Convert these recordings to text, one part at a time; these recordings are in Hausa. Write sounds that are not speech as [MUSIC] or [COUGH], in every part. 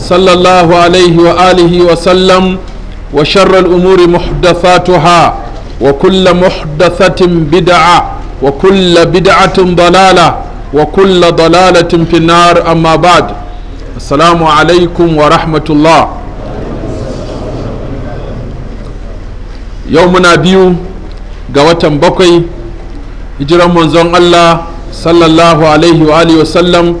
صلى الله عليه وآله وسلم وشر الأمور محدثاتها وكل محدثة بدعة وكل بدعة ضلالة وكل ضلالة في النار أما بعد السلام عليكم ورحمة الله يومنا بيو قوة بقي hijiran manzon Allah sallallahu alaihi wa alihi wasallam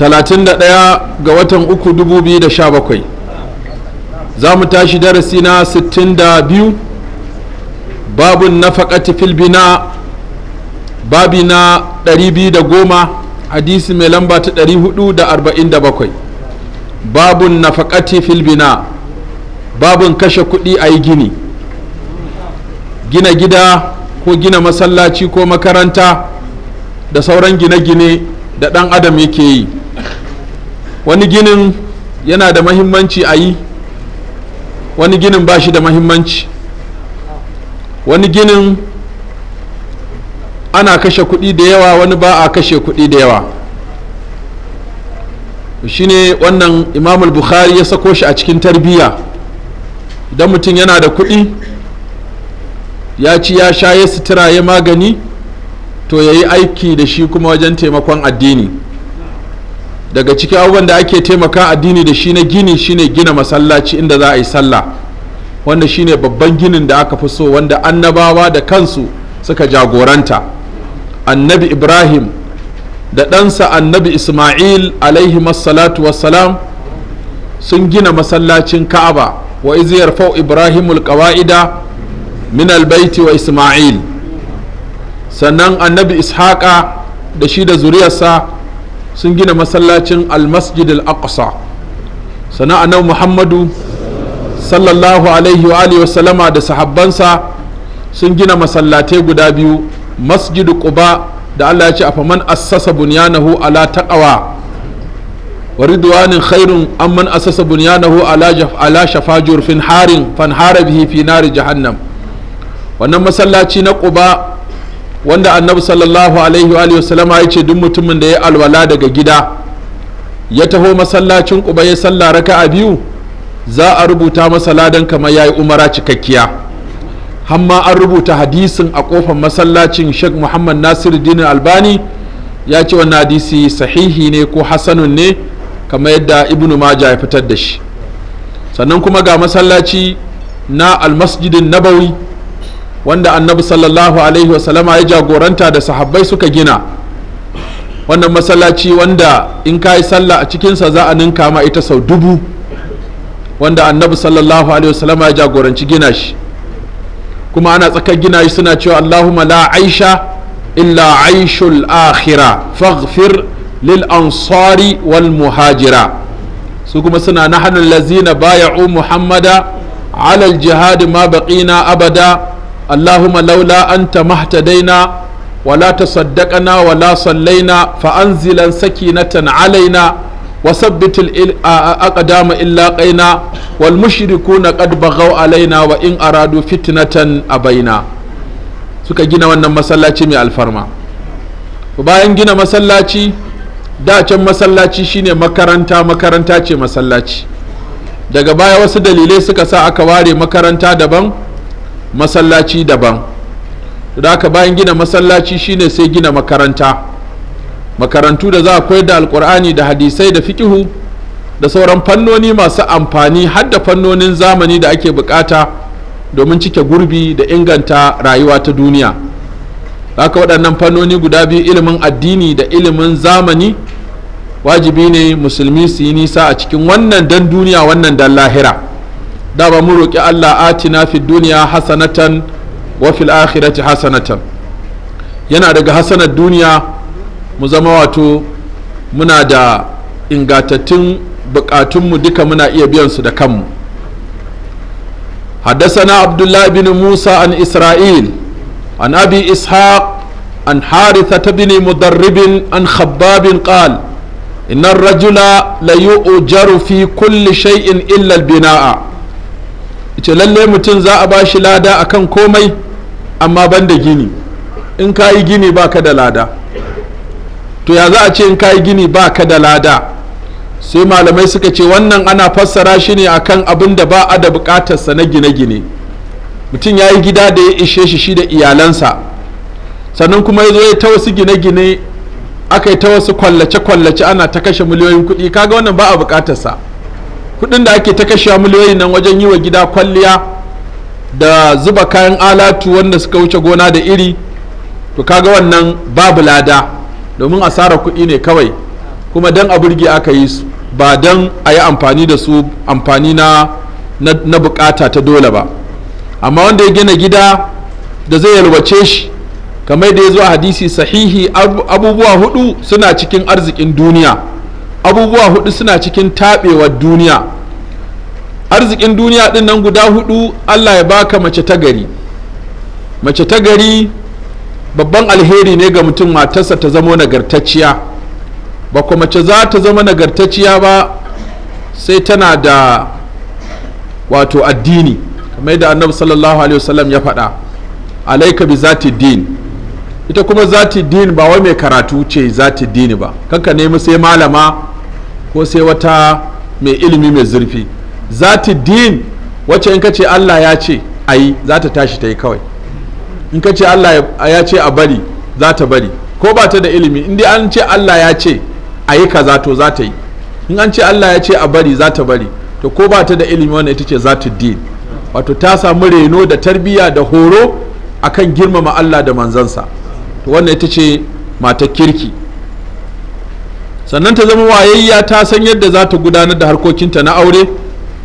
31 ga watan sha bakwai za mu tashi darasi na 62 babun nafaƙati filbina babi na 210 hadisi mai lamba ta 447 babun filbi filbina babin kashe kuɗi a yi gini gina gida ko gina masallaci ko makaranta da sauran gine-gine da ɗan adam yake yi wani ginin yana da mahimmanci a yi wani ginin ba shi da mahimmanci wani ginin ana kashe kuɗi da yawa wani ba a kashe kuɗi da yawa shi ne wannan imamul bukhari ya sako shi a cikin tarbiyya idan mutum yana da kuɗi ya ci ya sha ya sutura ya magani to ya yi aiki da shi kuma wajen taimakon addini daga cikin abubuwan da ake taimaka addini da shi na gini shine gina masallaci inda za a yi sallah wanda shine babban ginin da aka fi so wanda annabawa da kansu suka jagoranta annabi ibrahim da ɗansa annabi isma'il alaihi masalatu wassalam sun gina masallacin ka'aba wa iziyar fau ibrahimul qawa'ida min albaiti wa isma'il sannan annabi ishaqa da shi da zuriyarsa sun gina masallacin almasjid al-aqsa sana'a muhammadu sallallahu alaihi wa alihi wasallama da sahabbansa sun gina masallatai guda biyu Masjidi quba da allah ya ce a faman assasa bunyanahu ala taqawa wa ridwanin khairun amman assasa bunyanahu ala ala shafa jurfin harin fanhara bihi fi nari jahannam wannan masallaci na quba wanda annabi sallallahu alaihi wa sallama ya ce duk mutumin da ya alwala daga gida ya taho masallacin kuba ya salla raka a biyu za a rubuta masa ladan kamar ya yi umara cikakkiya hamma an rubuta hadisin a kofar masallacin sheikh muhammad nasiru dinin albani ya ce wannan hadisi sahihi ne ko hasanun ne kamar yadda ibnu maja ya fitar da shi sannan kuma ga masallaci na almasjidin nabawi wanda annabi sallallahu alaihi wasallama ya jagoranta da sahabbai suka gina wannan masallaci wanda in ka yi sallah a cikinsa za a ninka ma ita sau dubu wanda annabi sallallahu alaihi wasallama ya jagoranci gina shi kuma ana tsakar gina shi suna cewa allahumma la aisha illa aishul akhira faghfir lil ansari wal muhajira su kuma suna nahanul lazina baya'u muhammada alal jihadi ma baqina abada allahumma laula anta mahtadaina wala ta-tsadaɗa tasaddaqana wala sallaina fa anzilan sakinatan alaina وثبت الأقدام إلا قينا والمشركون قد بغوا علينا وإن أرادوا فتنة أبينا suka gina wannan masallaci mai alfarma bayan gina masallaci da can masallaci shine makaranta makaranta ce masallaci daga baya wasu dalilai suka sa aka ware makaranta daban masallaci daban da aka bayan gina masallaci shine sai gina makaranta makarantu da za a koyar da alkur'ani da hadisai da fikihu da sauran fannoni masu amfani har da fannonin zamani da ake bukata domin cike gurbi da inganta rayuwa ta duniya haka waɗannan fannoni guda biyu ilimin addini da ilimin zamani wajibi ne musulmi su yi nisa a cikin wannan dan duniya wannan dan lahira dama mu roƙi Allah atina fi duniya hasanatan wa fil akhirati hasanatan yana daga hasanar duniya mu zama wato muna da ingantattun bukatunmu duka muna iya biyan su da kanmu حدثنا عبد الله بن موسى عن إسرائيل عن أبي إسحاق عن حارثة بن مدرب عن خباب قال إن الرجل ليؤجر في كل شيء إلا البناء ce lalle mutum za a ba shi lada a kan komai amma ban da gini in ka yi gini ba ka da lada to ya za a ce in ka yi gini ba ka da lada sai malamai suka ce wannan ana fassara shi ne akan abin da ba a da bukatarsa na gine-gine mutum ya yi gida da ya ishe shi shi da iyalansa sannan kuma ya zo ya ta wasu gine-gine aka yi ta wasu kwallace-kwallace ana ta kashe miliyoyin kuɗi kaga wannan ba a bukatarsa kudin da ake ta kashe miliyoyi nan wajen yi wa gida kwalliya da zuba kayan alatu wanda suka wuce gona da iri to kaga wannan babu lada domin asara kuɗi ne kawai kuma don a burge aka yi su ba don a yi amfani da su amfani na na bukata ta dole ba amma wanda ya gina gida da zai yalwace shi kamar da ya zo a hadisi sahihi abubuwa hudu suna cikin arzikin duniya abubuwa hudu suna cikin taɓewar duniya arzikin duniya ɗin nan guda hudu allah ya baka mace ta gari mace ta gari babban alheri ne ga mutum matarsa ta zama nagartacciya ba kuma mace za ta zama nagartacciya ba sai tana da wato addini kamar da annabi sallallahu alaihi wasallam ya faɗa alaika bi zati din ita kuma zati din ba wai mai karatu ce zati din ba kanka nemi sai malama ko sai wata mai ilimi mai zurfi ta din wacce in ka ce Allah ya ce a yi za ta tashi ta yi kawai in ka ce Allah ya ce a bari za ta bari ko ba ta da ilimi in dai an ce Allah ya ce a yi kaza to za ta yi in an ce Allah ya ce a bari za ta bari to ko ba ta da ilimi wannan ita ce za ta din wato ta samu reno da tarbiyya da horo akan girmama Allah da manzansa to wannan ita ce mata kirki sannan ta zama wayayya ta san yadda za ta gudanar da harkokinta na aure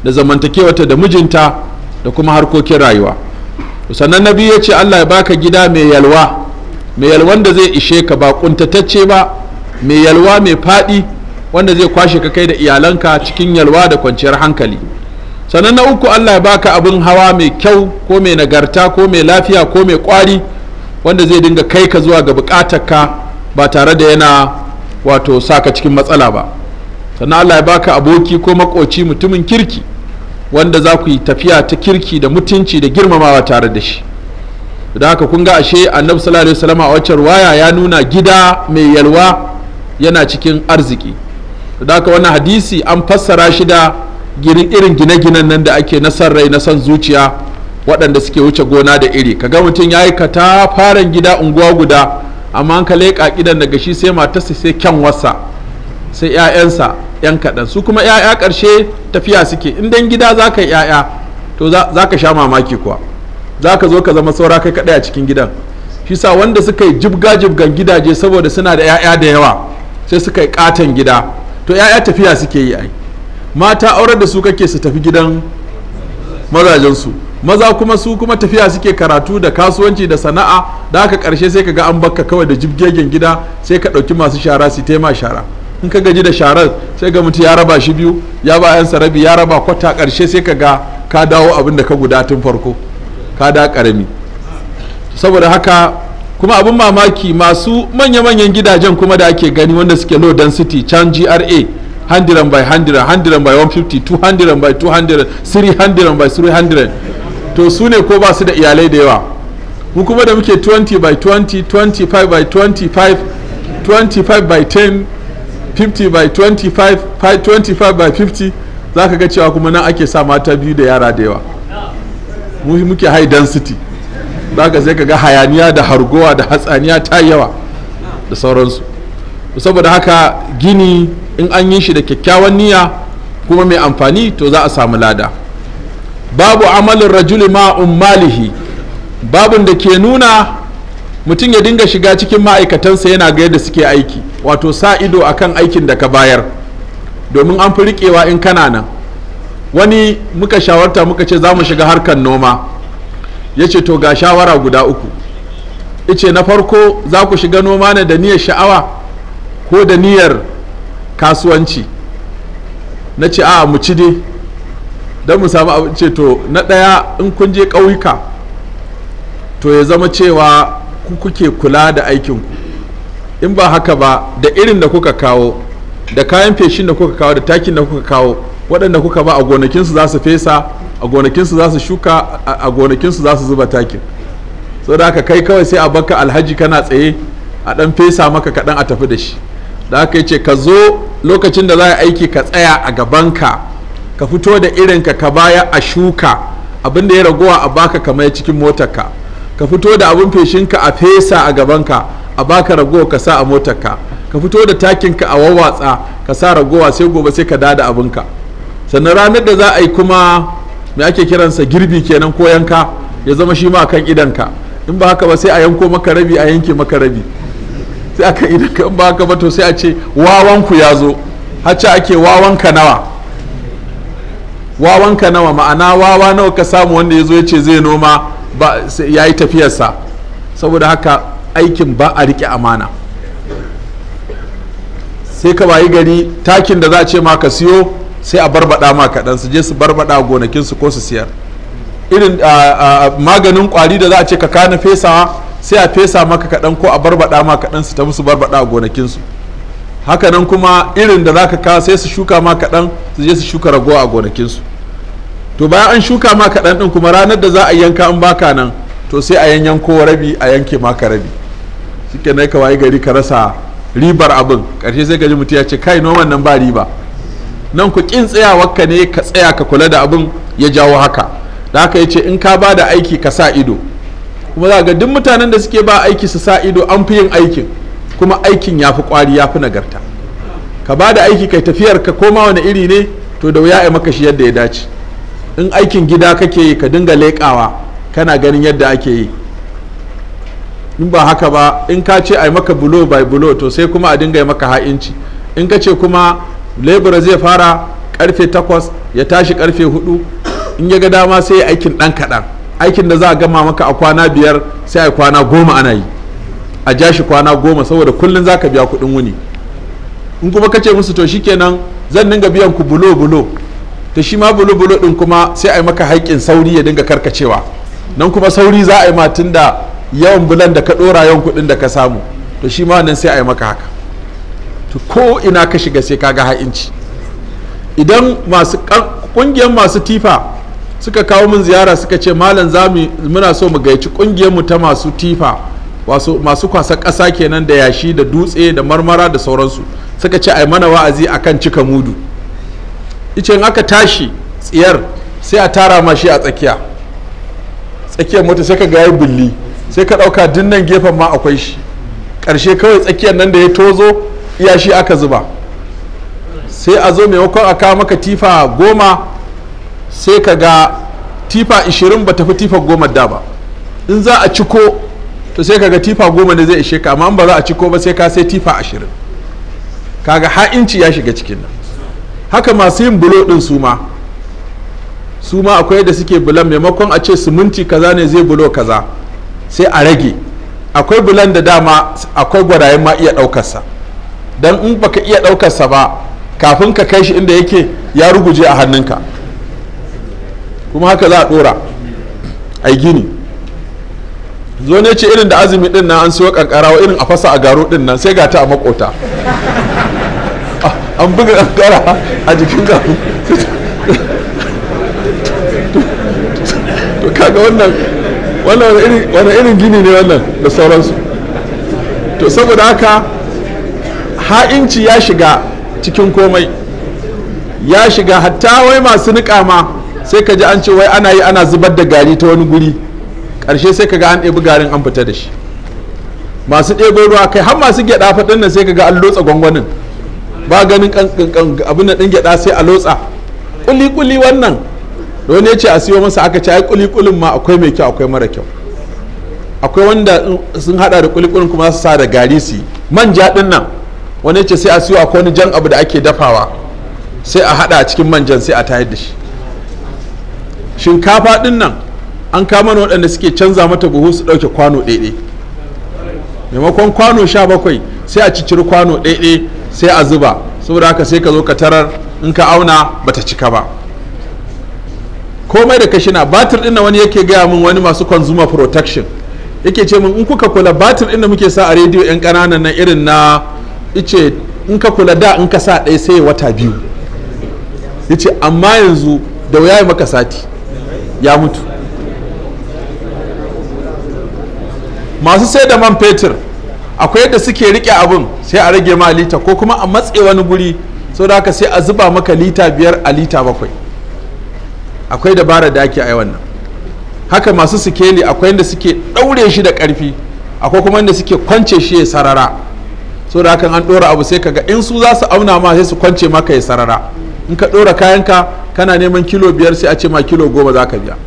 da zamantakewarta da mijinta da kuma harkokin rayuwa sannan na biyu ya ce allah ya baka gida mai yalwa mai yalwan da zai ishe ka ba kuntatacce ba mai yalwa mai faɗi wanda zai kwashe ka kai da iyalanka cikin yalwa da kwanciyar hankali sannan na uku allah ya baka abin hawa mai kyau ko mai nagarta ko mai lafiya ko mai kwari wanda zai dinga kai ka zuwa ga bukatarka ba tare da yana wato saka cikin matsala ba sannan Allah ya baka aboki ko makoci mutumin kirki wanda za ku yi tafiya ta kirki da mutunci da girmamawa tare da shi da haka kun ga ashe annabi sallallahu alaihi wasallam a wacce ruwaya ya nuna gida mai yalwa yana cikin arziki da haka wannan hadisi an fassara shi da irin gine-ginen nan da ake na san rai na san zuciya waɗanda suke wuce gona da iri kaga mutum ya yi faran gida unguwa guda amma an ka leƙa gidan daga shi sai matarsa sai kyan wasa sai 'ya'yansa 'yan kaɗan su kuma 'ya'ya ƙarshe tafiya suke in dan gida za ka 'ya'ya to za ka sha mamaki kuwa za ka zo ka zama saura kai kaɗai a cikin gidan shi sa wanda suka yi jibga jibgan gidaje saboda suna da 'ya'ya da yawa sai suka yi ƙaton gida to 'ya'ya tafiya suke yi ai mata aurar da su kake su tafi gidan mazajensu maza kuma su kuma tafiya suke karatu da kasuwanci da sana'a da haka karshe sai ka ga an bakka kawai da jibgegen gida sai ka ɗauki masu shara su tema shara in ka gaji da sharar sai ga mutu ya raba shi biyu ya ba yan sarabi ya raba kwata karshe sai ka ga ka dawo abin da ka guda tun farko ka da karami saboda haka kuma abin mamaki masu manya-manyan gidajen kuma da ake gani wanda suke low density can gra 100 by 100 100 by 150 200 by 200 300 by 300 to su ne ko ba su da iyalai da yawa mu kuma da muke 20 by 20 25 by 25 25 by 10 50 by 25 25 by 50 za ka ga cewa kuma nan ake sa mata biyu da yara da yawa muke high density za ka sai ka ga hayaniya da hargowa da hatsaniya ta yawa da sauransu saboda haka gini in an yi shi da kyakkyawan niyya kuma mai amfani to za a samu lada babu amalin rajuli ma ummalihi babun da ke nuna mutum ya dinga shiga cikin ma'aikatansa yana ga yadda suke aiki wato sa ido akan aikin da ka bayar domin an fi riƙewa in kana nan wani muka shawarta muka ce za mu shiga harkar noma ya ce to ga shawara guda uku ice na farko za ku shiga noma ne da niyyar sha'awa ko da niyyar kasuwanci na ce a mu ci dai don mu samu abin ce to na ɗaya in kun je ƙauyuka to ya zama cewa ku kuke kula da aikinku in ba haka ba da irin da kuka kawo da kayan feshin da kuka kawo da takin da kuka kawo waɗanda kuka ba a gonakinsu za su fesa a gonakinsu za su shuka a gonakinsu za su zuba takin so da haka kai kawai sai a baka alhaji kana tsaye a ɗan fesa maka kaɗan a tafi da shi da haka ya ce ka zo lokacin da za a aiki ka tsaya a gabanka ka fito da irinka ka baya a shuka abinda ya ragowa a baka kamar cikin motarka ka fito da abin feshinka a fesa a gabanka a baka ragowa ka sa a motarka ka fito da takinka a wawatsa ka sa ragowa sai gobe sai ka dada abinka sannan ranar da za a yi kuma me ake kiransa girbi kenan ko yanka ya zama shi ma kan idanka in ba haka ba sai a yanko maka rabi a yanke maka rabi sai aka idan in ba haka ba to sai a ce wawanku ya zo hacca ake wawanka nawa wawanka nawa ma'ana wawa nawa ka samu wanda ya zo ya ce zai noma ya yi tafiyarsa saboda haka aikin ba a riƙe amana sai ka bayi gari takin da za a ce ma ka siyo sai a barbada ma kaɗan su je su barbada gonakinsu ko su siyar irin maganin kwari da za a ce ka kana fesawa sai a fesa maka kaɗan ko a barbada ma kaɗan su ta musu barbada a gonakinsu hakanan kuma irin da zaka ka sai su shuka ma kaɗan su je su shuka ragowa a gonakinsu to bayan an shuka ma kaɗan ɗin kuma ranar da za a yanka an baka nan to sai a yanyan ko rabi a yanke maka rabi shi na ka wayi gari ka rasa ribar abin ƙarshe sai gaji mutum ya ce kai noman nan ba riba nan ku kin tsayawarka ne ka tsaya ka kula da abin ya jawo haka da haka ya ce in ka ba da aiki ka sa ido kuma za ga duk mutanen da suke ba aiki su sa ido an fi yin aikin kuma aikin ya fi kwari ya fi nagarta ka ba da aiki kai tafiyar ka koma wani iri ne to da wuya a maka shi yadda ya dace in aikin gida kake yi ka dinga leƙawa kana ganin yadda ake yi in ba haka ba in ka ce a maka bulo by bulo to sai kuma a dinga maka ha'inci in ka ce kuma lebura zai fara karfe takwas ya tashi karfe hudu in ya ga dama sai aikin dan kaɗan aikin da za a gama maka a kwana biyar sai a kwana goma ana yi a ja shi kwana goma saboda kullum za ka biya kuɗin wuni in kuma ka ce musu to shi shikenan zan dinga biyan ku bulo bulo ta shi ma bulo bulo din kuma sai a yi maka haƙƙin sauri ya dinga karkacewa nan kuma sauri za a yi matun da yawan bulan da ka ɗora yawan kuɗin da ka samu to shi ma nan sai a yi maka haka to ko ina ka shiga sai ka ga ha'inci idan masu ƙungiyar masu tifa suka kawo min ziyara suka ce malam muna so mu ƙungiyar mu ta masu tifa masu kwasa ƙasa kenan da yashi da dutse da marmara da sauransu suka ce ai mana wa'azi akan cika mudu in aka tashi tsiyar sai a tara mashi a tsakiya tsakiyar mota sai ka gaya bulli sai ka ɗauka dinnan gefen ma akwai shi ƙarshe kawai tsakiyar nan da ya tozo iya shi aka zuba sai a zo maimakon a kawo maka tifa goma sai ka ga tifa ishirin ba tafi tifa goma da ba in za a ciko to sai kaga tifa goma ne zai ishe ka amma ba za a ci ko ba sai ka sai tifa ashirin kaga ha'inci ya shiga cikin nan haka masu yin bulo din suma suma akwai da suke bulan maimakon a ce siminti kaza ne zai bulo kaza sai a rage akwai bulan da dama akwai gwarayen ma iya ɗaukarsa don in baka iya ɗaukarsa ba kafin ka kai shi inda yake ya ruguje a hannunka kuma haka za a ɗora ai gini zo ne ce irin da azumi din nan an siyo wa irin a fasa a garo din nan sai ga ta a makota ah, an buga kankara a jikin garo to kaga wannan wannan irin gini ne wannan da sauransu to saboda haka ha'inci ya shiga cikin komai ya shiga hatta wai masu niƙa ma sai ka ji an ce wai ana yi ana zubar da gari ta wani guri ƙarshe sai kaga an ɗebi garin an fita da shi masu ɗebo ruwa kai har masu gyaɗa faɗin nan sai kaga an lotsa gwangwanin ba ganin abin da ɗin gyaɗa sai a lotsa kuli kuli wannan da wani ya ce a siyo masa aka ce ai kuli kulin ma akwai mai kyau akwai mara kyau akwai wanda sun hada da kuli kulin kuma su sa da gari su manja ɗin nan wani ya ce sai a siyo akwai wani jan abu da ake dafawa sai a hada cikin manjan sai a tayar da shi shinkafa ɗin nan an kama mana waɗanda suke canza mata buhu su ɗauke kwano ɗaiɗai maimakon kwano sha bakwai sai a ciciri kwano ɗaiɗai sai a zuba saboda haka sai ka zo ka tarar in ka auna ba ta cika ba komai da kashina batir ɗin wani yake gaya min wani masu kwanzuma protection yake ce min in kuka kula batir ɗin da muke sa a rediyo 'yan ƙananan na irin na ice in ka kula da in ka sa ɗaya sai wata biyu yace amma yanzu da wuya maka sati ya mutu masu sai da man fetur akwai yadda suke rike abun sai a rage ma lita ko kuma a matse wani guri sau da haka sai a zuba maka lita biyar a lita bakwai akwai dabarar da ake ai wannan haka masu sikeli akwai yadda suke ɗaure shi da ƙarfi akwai kuma yadda suke kwance shi ya sarara so da hakan an ɗora abu sai kaga in su za su auna ma sai su kwance maka ya sarara in ka ɗora kayanka kana neman kilo biyar sai a ce ma kilo goma za ka biya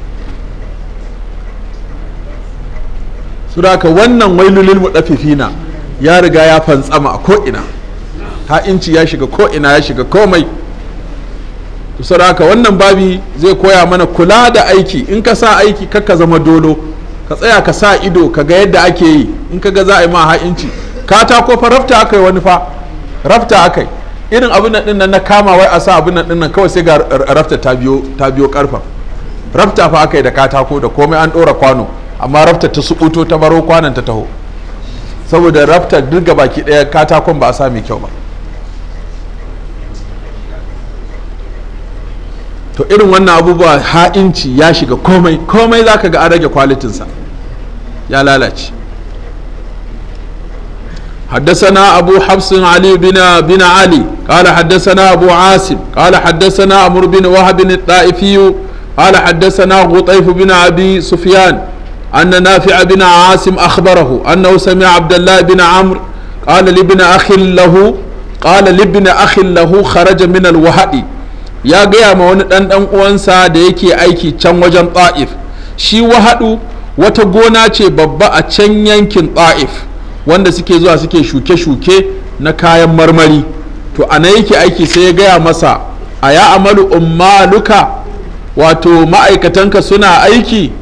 suraka wannan wailulil mudaffifina ya riga ya fantsama a ko'ina ha'inci ya shiga ko'ina ya shiga komai suraka wannan babi zai koya mana kula da aiki in ka sa aiki kaka zama dolo ka tsaya ka sa ido ka ga yadda ake yi in ka ga za a yi ma ha'inci katako fa rafta aka yi wani fa rafta aka yi irin abin nan dinnan na kama wai a sa abin nan dinnan kawai sai ga rafta ta biyo karfa rafta fa aka yi da katako da komai an ɗora kwano amma rafta ta subuto ta baro kwanan ta taho saboda rafta duk gaba baki ɗaya katakon ba a sa kyau ba to irin wannan abubuwa ha'inci ya shiga komai komai za ka ga an rage kwalitinsa ya lalace حدثنا أبو حفص علي بن بن علي قال حدثنا أبو عاصم قال حدثنا أمر بن وهب الطائفي قال حدثنا غطيف بن أبي سفيان أن نافع abin عاصم أخبره أنه سمع عبد الله بن عمرو قال لابن أخ له قال لابن أخ له خرج من الوهد يا قيام وندن أنسى ديكي أيكي كم وجن طائف شي وهدو wata gona ce babba a can yankin ta'if wanda suke zuwa suke shuke-shuke na kayan marmari to ana yake aiki sai ya gaya masa aya ya amalu ummaluka wato ma'aikatanka suna aiki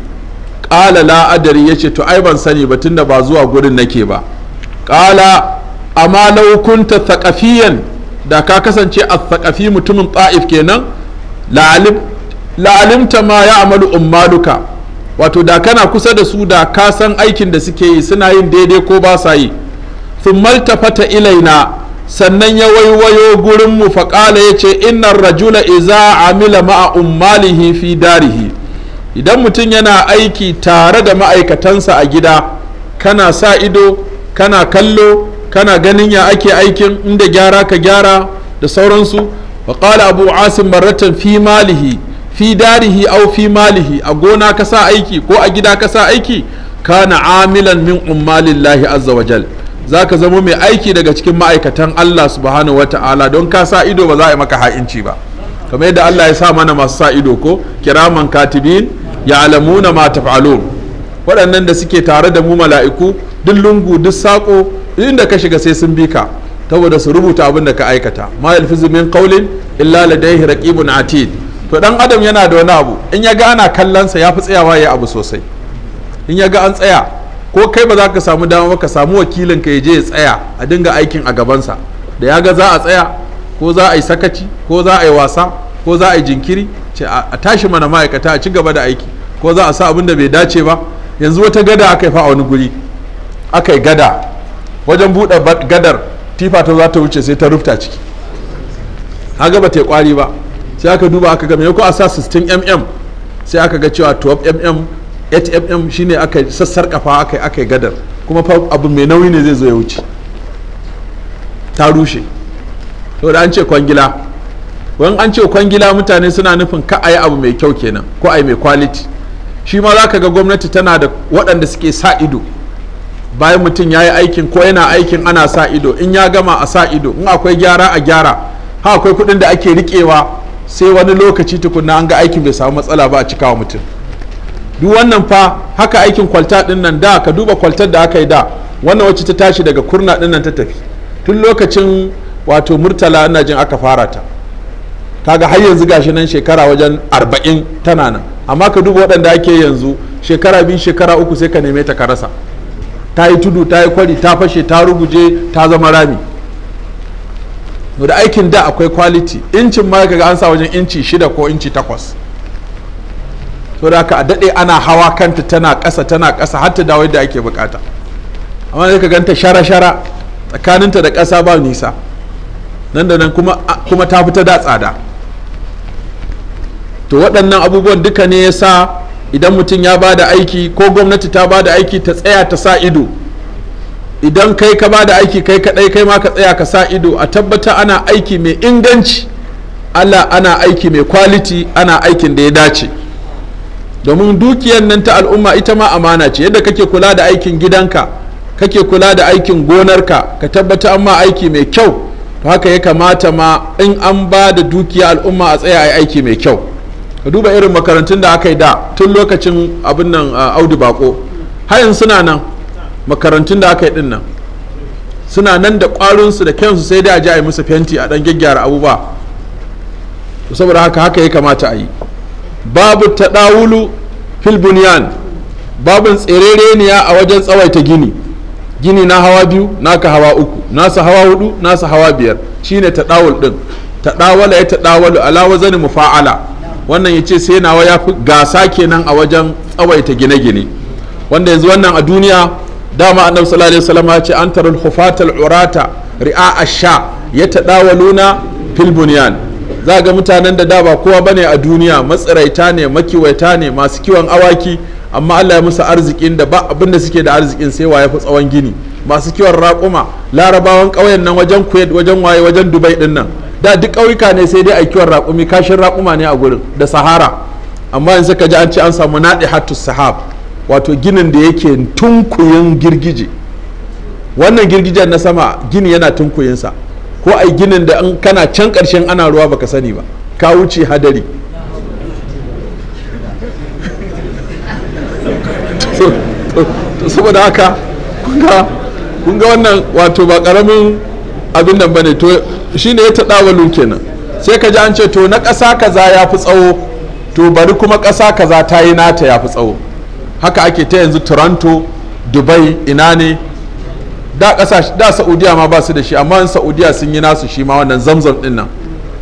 ƙala la'adari ya ce to ai ban sani ba tunda ba zuwa gurin nake ba ƙala amma laukunta thakafiyan da ka kasance a thakafi mutumin ta'if kenan la'alimta ma ya amalu ummaluka wato da kana kusa da su da ka san aikin da suke yi suna yin daidai ko ba sa yi sun maltafata ilaina sannan ya waiwayo gurinmu faƙala ya ce innan rajula iza amila ma'a ummalihi fi darihi idan mutum yana aiki tare da ma'aikatansa a gida kana sa ido kana kallo kana ganin ya ake aikin inda gyara ka gyara da sauransu wa qala abu asim marratan fi malihi fi darihi au fi malihi a gona ka sa aiki ko a gida ka sa aiki kana amilan min ummalillahi azza wajal za ka zama mai aiki daga cikin ma'aikatan Allah subhanahu wata'ala don ka sa ido ba za a yi maka ha'inci ba kamar yadda Allah ya sa mana masu sa ido ko kiraman katibin ya'lamuna ma taf'alun waɗannan da suke tare da mu mala'iku duk lungu duk sako inda ka shiga sai sun bi ka saboda su rubuta abin da ka aikata ma yalfizu min qawlin illa ladayhi raqibun atid to dan adam yana da wani abu in ya ga ana kallon sa ya yafi tsayawa ya abu sosai in ya ga an tsaya ko kai ba za ka samu dama ba ka samu wakilin ka ya je ya tsaya a dinga aikin a gabansa da ya ga za a tsaya ko za a yi sakaci ko za a yi wasa ko za a yi jinkiri a tashi mana ma'aikata a ci gaba da aiki ko za a sa abin da bai dace ba yanzu wata gada aka yi fa a wani guri aka yi gada wajen buɗe gadar tifa ta za ta wuce sai ta rufta ciki haga ba ta yi kwari ba sai aka duba aka ga yau a sa 16 mm sai aka ga cewa 12 mm 8 mm shine aka sassar kafa aka aka gadar kuma abu mai nauyi ne zai zo ya wuce ta rushe to da an ce kwangila wani an ce kwangila mutane suna nufin ka a yi abu mai kyau kenan ko a yi mai quality shi ma za ka ga gwamnati tana da waɗanda suke sa ido bayan mutum ya yi aikin ko yana aikin ana sa ido in ya gama a sa ido in akwai gyara a gyara ha akwai kuɗin da ake riƙewa sai wani lokaci tukuna an ga aikin bai samu matsala ba a cikawa mutum duk wannan fa haka aikin kwalta ɗin nan da ka duba kwaltar da aka yi da wannan wacce ta tashi daga kurna ɗin nan ta tafi tun lokacin wato murtala ina jin aka fara ta kaga har yanzu gashi nan shekara wajen arba'in tana nan amma ka duba waɗanda ake yanzu shekara biyu shekara uku sai ka neme ta ka rasa ta yi tudu ta yi kwari ta fashe ta ruguje ta zama rami da aikin da akwai quality incin ma kaga an sa wajen inci shida ko inci takwas so da a daɗe ana hawa kanta tana ƙasa tana ƙasa hatta da dawo ake bukata amma sai ka ganta shara-shara tsakaninta da ƙasa ba nisa nan da nan kuma ta fita da tsada to waɗannan abubuwan duka ne ya sa idan mutum ya ba da aiki ko gwamnati ta ba da aiki ta tsaya ta sa ido idan kai ka ba da aiki kai kaɗai kai ma ka tsaya ka sa ido a tabbata ana aiki mai inganci allah ana aiki mai kwaliti ana aikin da ya dace domin dukiyar nan ta al'umma ita ma amana ce yadda kake kula da aikin gidanka kake kula da aikin gonarka ka tabbata an ma aiki mai kyau to haka ya kamata ma in an ba da dukiya al'umma a tsaya a aiki mai kyau ka duba irin makarantun da aka yi da tun lokacin abin nan audu bako hayan suna nan makarantun da aka yi din nan suna nan da kwarinsu da kyansu sai da a ji a yi musu fenti a dan gyaggyara abubuwa to saboda haka haka ya kamata a yi babu taɗawulu fil bunyan babin tserereniya a wajen tsawaita gini gini na hawa biyu naka hawa uku nasa hawa hudu nasa hawa biyar shine taɗawul din taɗawala ya taɗawalu ala wazani mufa'ala wannan ya ce sai nawa ya fi gasa kenan a wajen tsawaita gine-gine wanda yanzu wannan a duniya dama annabi sallallahu alaihi wasallam ya ce an tarul hufatal urata ri'a asha ya wa fil bunyan za ga mutanen da da ba kowa bane a duniya matsiraita ne makiwaita ne masu kiwon awaki amma Allah ya musu arzikin da ba abin suke da arzikin sai wa ya fi tsawon gini masu kiwon raƙuma larabawan ƙauyen nan wajen kuwait wajen waye wajen dubai din nan da duk ƙauyuka ne sai dai a kiwon raƙumi kashin raƙuma ne a gurin da sahara amma yanzu ka ji an ce an samu naɗi hatu sahab wato ginin da yake tunkuyin girgije wannan girgijen na sama gini yana tunkuyinsa ko ai ginin da an kana can ƙarshen ana ruwa baka sani ba ka wuce hadari [LAUGHS] saboda haka kunga wannan wato ba ƙaramin abin nan bane to shine ya tadawalu kenan sai ka ji an ce to na ƙasa kaza ya fi tsawo to bari kuma ƙasa kaza ta yi nata ya fi tsawo haka ake ta yanzu toronto dubai ina ne da ƙasa da saudiya ma ba su da shi amma in saudiya sun yi nasu shi ma wannan zamzam din nan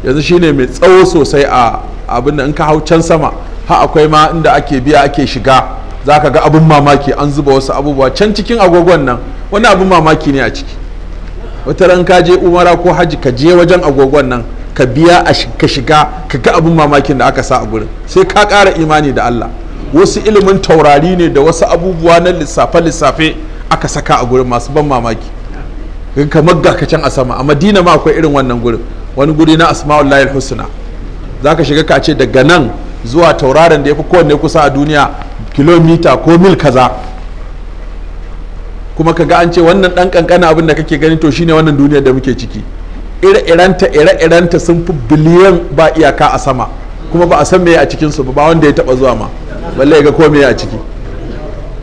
yanzu shine mai tsawo sosai a abin da in ka hau can sama ha akwai ma inda ake biya ake shiga za ka ga abin mamaki an zuba wasu abubuwa can cikin agogon nan wani abin mamaki ne a ciki wata ran ka je umara ko haji ka je wajen agogon nan ka biya ka shiga ka ga abin mamakin da aka sa a gurin sai ka kara imani da Allah wasu ilimin taurari ne da wasu abubuwa na lissafe-lissafe aka saka a gurin masu ban mamaki ka magga ka can a sama a madina ma akwai irin wannan gurin wani guri na asma'ullahi husna za ka shiga ka ce daga nan zuwa tauraron da ya fi kowanne kusa a duniya kilomita ko mil kaza kuma ka ga an ce wannan ɗan kankana abin da kake gani to shine wannan duniya da muke ciki ire-irenta ire-irenta sun fi biliyan ba iyaka a sama kuma ba a san meye a cikin su ba wanda ya taba zuwa ma balle ga ko meye a ciki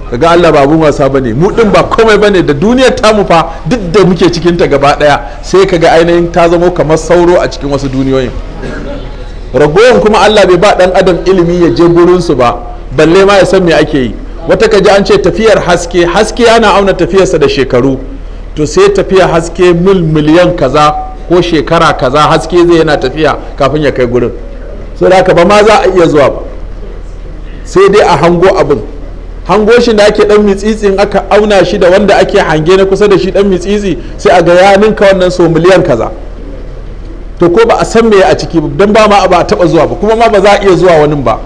kaga Allah ba abun wasa bane mu din ba komai bane da duniyar mu fa duk da muke cikin ta gaba daya sai ka ga ainihin ta zama kamar sauro a cikin wasu duniyoyin ragowar kuma Allah bai ba dan adam ilimi ya je gurin su ba balle ma ya san me ake yi wata kaji an ce tafiyar haske haske ana auna tafiyarsa da shekaru to sai tafiya haske mil miliyan kaza ko shekara kaza haske zai yana tafiya kafin ya kai gurin so da haka ba ma za a iya zuwa ba sai dai a hango abin hango shi da ake dan in aka auna shi da wanda ake hange na kusa da shi dan mitsitsi sai a ga ya ninka wannan so miliyan kaza to ko ba a san me a ciki don ba ma ba a taba zuwa ba kuma ma ba za a iya zuwa wani ba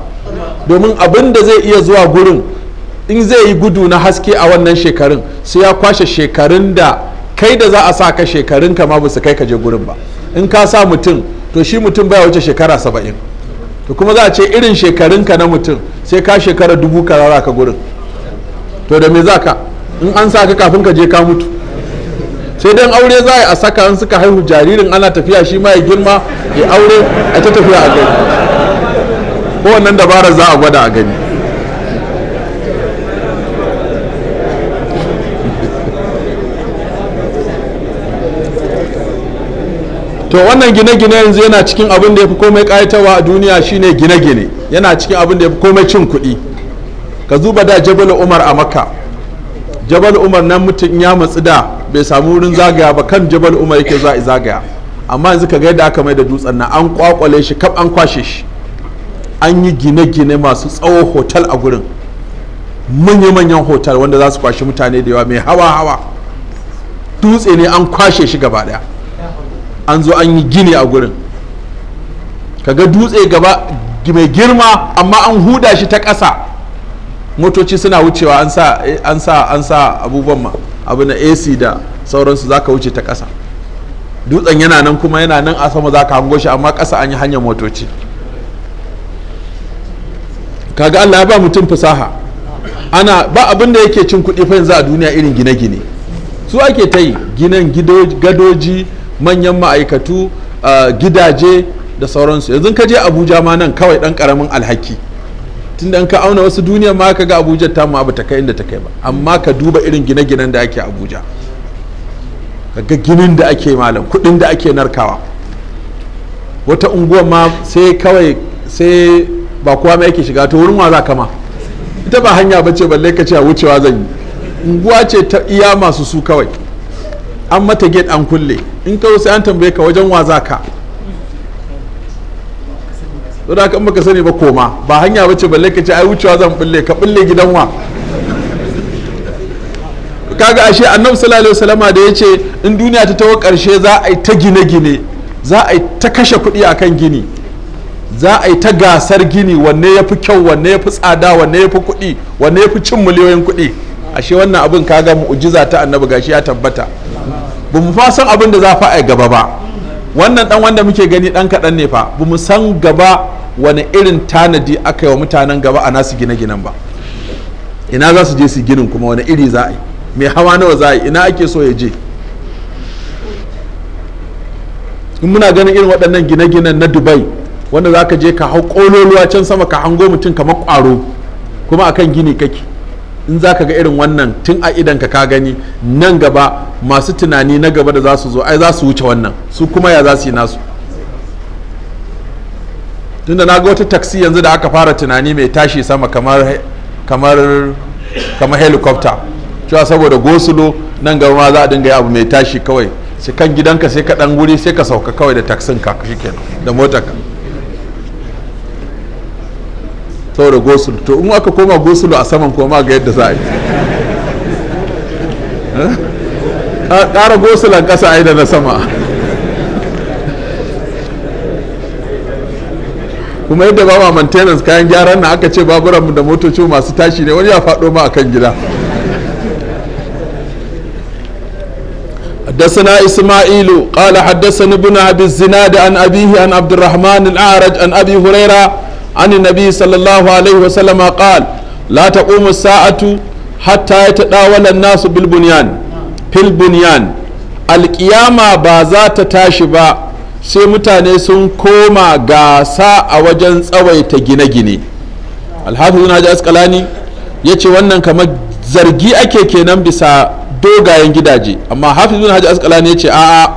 domin abin da zai iya zuwa gurin in zai yi gudu na haske a wannan shekarun sai ya kwashe shekarun da kai da za a sa ka shekarun ka ba su kai ka je gurin ba in ka sa mutum to shi mutum baya wuce shekara saba'in to kuma za a ce irin shekarun ka na mutum sai ka shekara dubu rara ka gurin to da me za ka in an sa ka kafin ka je ka mutu sai dan aure za a a saka in suka haihu jaririn ana tafiya shi ma ya girma ya aure a ta tafiya a gani ko wannan dabara za a gwada a gani to wannan gine-gine yanzu yana cikin abin da ya fi komai kayatarwa a duniya shine gine-gine yana cikin abin da ya fi komai cin kuɗi ka zuba da jabal umar a makka jabal umar nan mutum ya matsu da bai samu wurin zagaya ba kan jabal umar yake a zagaya amma yanzu ka gaida da aka mai da dutsen nan an kwakwale shi kaf an kwashe shi an yi gine-gine masu tsawo hotel a gurin manya-manyan hotel wanda za su kwashe mutane da yawa mai hawa-hawa dutse ne an kwashe shi gaba daya an zo an yi gini a gurin kaga dutse gaba mai girma amma an huda shi ta ƙasa motoci suna wucewa an sa an abubuwan ma abu na ac da sauransu zaka wuce ta ƙasa dutsen yana nan kuma yana nan a sama zaka hango shi amma ƙasa an yi hanyar motoci kaga Allah ya ba mutum fasaha ana ba abin da yake cin kuɗi fa yanzu a duniya irin gine-gine su ake ta yi ginen gadoji manyan ma'aikatu gidaje da sauransu yanzu ka je abuja ma nan kawai dan karamin alhaki tunda in ka auna wasu duniya ma ka ga abuja ta ma ta kai inda ta kai ba amma ka duba irin gine-ginen da ake abuja ka ga ginin da ake malam kudin da ake narkawa wata unguwa ma sai kawai sai ba kowa mai yake shiga to wurin wa za kama ita ba hanya ba ce balle ka ce wucewa zan yi unguwa ce ta iya masu su kawai an mata gate an kulle in ka sai an tambaye ka wajen wa za ka don haka baka sani ba koma ba hanya ba ce balle ka ce ai wucewa zan bulle ka bulle gidan wa kaga ashe annabi sallallahu alaihi wasallama da yace in duniya ta tawo karshe za a yi ta gine-gine za a yi ta kashe kuɗi akan gini za a yi ta gasar gini wanne ya fi kyau wanne ya fi tsada wanne ya fi kuɗi wanne ya fi cin miliyoyin kuɗi ashe wannan abin kaga mu'jiza ta annabi gashi ya tabbata ba mu fa abin da za fa a gaba ba wannan dan wanda muke gani dan kaɗan ne fa ba mu san gaba wani irin tanadi aka yi wa mutanen gaba a nasu gine-ginen ba ina za su je su ginin kuma wani iri za a yi mai hawa nawa za a yi ina ake so ya je in muna ganin irin waɗannan gine-ginen na dubai wanda za ka je ka hau ƙololuwa can sama ka hango mutum kamar ƙwaro kuma akan gini kake in za ka ga irin wannan tun a idanka ka gani nan gaba masu tunani na gaba da za su zo ai za su wuce wannan su kuma ya za su yi nasu tunda na ga wata taksi yanzu da aka fara tunani mai tashi sama kamar kamar helicopter cewa saboda gosulo nan gaba ma za a dinga yi abu mai tashi kawai sai kan gidanka sai ka dan wuri sai ka sauka kawai da taksin ka shikenan da ka. saboda gosul to in aka koma gosulu a saman koma ga yadda za a yi ƙara gosulan ƙasa a yi da na sama kuma yadda ba ma maintenance kayan gyaran na aka ce baburanmu da motoci masu tashi ne wani ya faɗo ma a kan gida حدثنا إسماعيل قال حدثنا ابن أبي الزناد عن أبيه عن عبد الرحمن الأعرج عن أبي هريرة عن النبي صلى الله عليه وسلم قال لا تقوم الساعة حتى يتداول الناس بالبنيان في البنيان القيامة بازات تاشبا sai mutane sun koma gasa a wajen tsawaita gine-gine alhafizu na ji askalani ya ce wannan kamar zargi ake kenan bisa dogayen gidaje amma hafizu na ji askalani ya ce a'a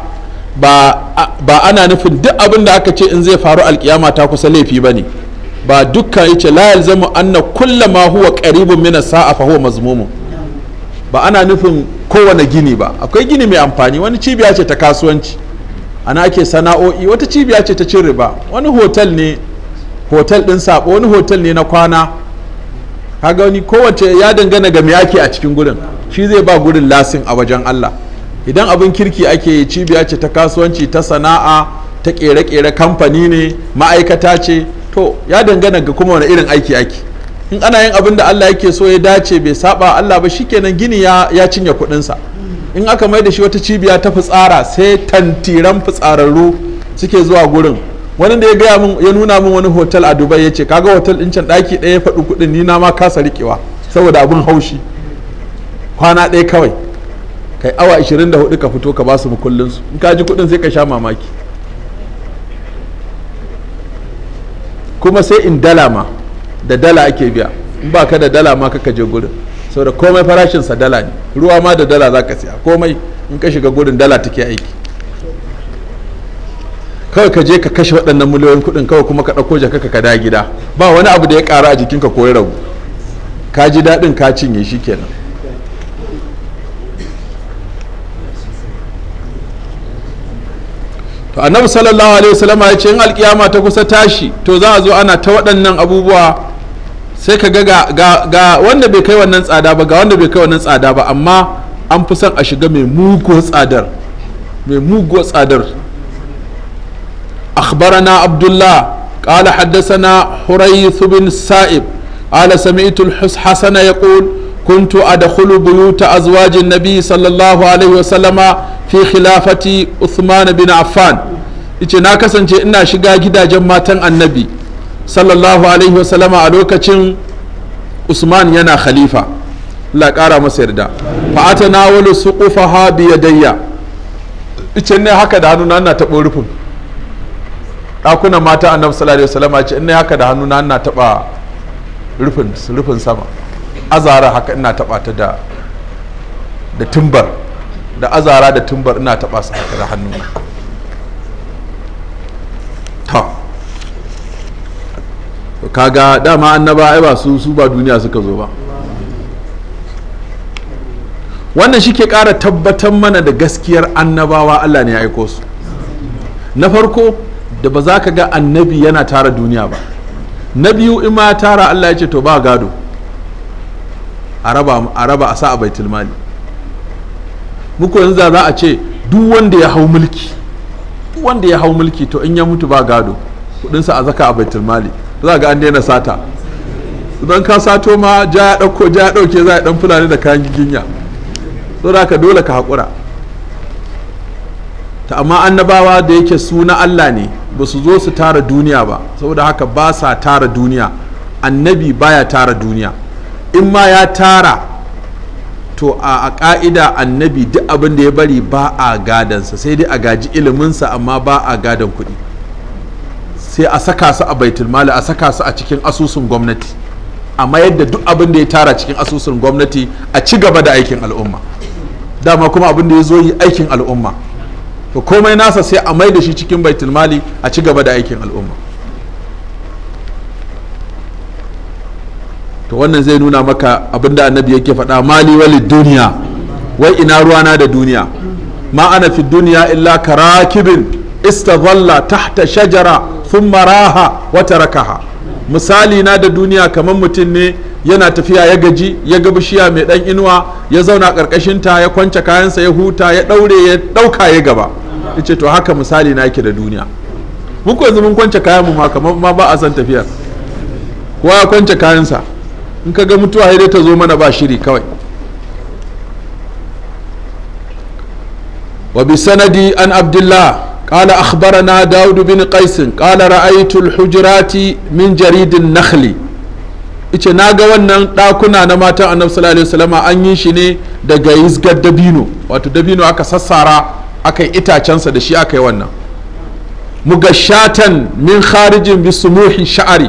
ba ana nufin duk abin da aka ce in zai faru alkiyama ta kusa laifi ba ne ba dukkan yace la yalzamu anna kulla ma huwa qaribun min sa'a fa huwa mazmumu ba ana nufin kowane gini ba akwai gini mai amfani wani cibiya ce ta kasuwanci ana ake sana'o'i wata cibiya ce ta cin riba wani hotel ne hotel din sabo wani hotel ne na kwana kaga wani kowace ya dangana ga me ake a cikin gurin shi zai ba gurin lasin a wajen Allah idan abin kirki ake cibiya ce ta kasuwanci ta sana'a ta kere-kere kamfani ne ma'aikata ce to ya dangana ga kuma wani irin aiki ake in ana yin abin da Allah yake so ya dace bai saba Allah ba shikenan gini ya ya cinye sa in aka mai da shi wata cibiya ta fitsara sai tantiran fitsararru suke zuwa gurin wani da ya gaya min ya nuna min wani hotel a Dubai ya ce kaga hotel din can daki daya ya faɗi kuɗin ni na ma kasa riƙewa saboda abun haushi kwana ɗaya kawai kai awa 24 ka fito ka basu su mukullin su in ka ji kuɗin sai ka sha mamaki kuma sai in dala ma da dala ake biya in ba ka da dala ma ka je gurin saboda komai farashinsa dala ne ruwa ma da dala za ka siya komai in ka shiga gurin dala take aiki kawai ka je ka kashe waɗannan miliyoyin kuɗin kawai kuma ka ɗauko jaka ka da gida ba wani abu da ya ƙara a jikinka ko ya ragu ka ji daɗin ka cinye shi kenan to annabi sallallahu alaihi wasallama ya ce in alkiyama ta kusa tashi to za a zo ana ta waɗannan abubuwa sai ka ga ga wanda bai kai wannan tsada ba ga wanda bai kai wannan tsada ba amma an fi son a shiga mai muguwar tsadar mai muguwar tsadar akhbarana abdullah قال حدثنا حريث بن سائب قال سمعت الحسن يقول كنت أدخل بيوت أزواج النبي صلى الله عليه وسلم fi khilafati Uthman bin Affan yace na kasance ina shiga gidajen matan annabi sallallahu alaihi wasallama a lokacin Usman yana khalifa Allah ƙara masa yarda fa atana wani suƙufa ha yadayya ice ne haka da hannuna ina taɓo rufin ɗakunan mata annabi sallallahu alaihi wasallama yace ne haka da hannuna ina taɓa rufin sama azara haka ina taɓa ta da da timbar da azara da tumbar ina taɓa su da hannu ta kaga dama annaba ai ba su su ba duniya suka zo ba wannan shi ke ƙara tabbatar mana da gaskiyar annabawa allah ne ya aiko su na farko da ba za ka ga annabi yana tara duniya ba na biyu in ma ya tara allah ya ce to ba gado a raba a sa a baitulmali mali muku yanzu za a ce duk wanda ya hau mulki wanda ya hau mulki to in ya mutu ba gado kudinsa a zaka a baitul mali za ga an daina sata idan ka sato ma ja ya dauko ja ya dauke za a dan fulani da kayan giginya da ka dole ka hakura ta amma annabawa da yake suna Allah ne ba su zo su tara duniya ba saboda haka ba sa tara duniya annabi baya tara duniya in ma ya tara to a ka'ida annabi duk abin da ya bari ba a gadansa sai dai a gaji iliminsa amma ba a gadan kuɗi sai a saka su a baitulmali a saka su a cikin asusun gwamnati amma yadda duk abin da ya tara cikin asusun gwamnati a ci gaba da aikin al'umma dama kuma abin da ya zo yi aikin al'umma to komai nasa sai a mai da shi cikin baitulmali a ci gaba da aikin al'umma to wannan zai nuna maka abin da annabi yake faɗa mali walid duniya wai ina ruwana da duniya ma ana fi duniya illa karakibin istazalla tahta shajara sun maraha wata rakaha. misali na da duniya kamar mutum ne yana tafiya ya gaji ya ga bishiya mai dan inuwa ya zauna ta, ya kwance kayansa ya huta ya daure ya ɗauka, ya gaba ce to haka misali na yake da duniya mun kwanci mun kwance kayan mu ma kamar ma ba a san tafiyar kowa ya kwance kayansa in ka ga mutuwa ya dai ta zo mana ba shiri kawai wa bi sanadi an abdullah قال أخبرنا داود bin قيس kala رأيت الحجرات min جريد النخل ice na ga wannan ɗakuna na matan annabi sallallahu alaihi wasallam an yi shi ne daga yisgar dabino wato dabino aka sassara aka yi itacensa da shi aka yi wannan mugashatan min kharijin bisumuhi sha'ari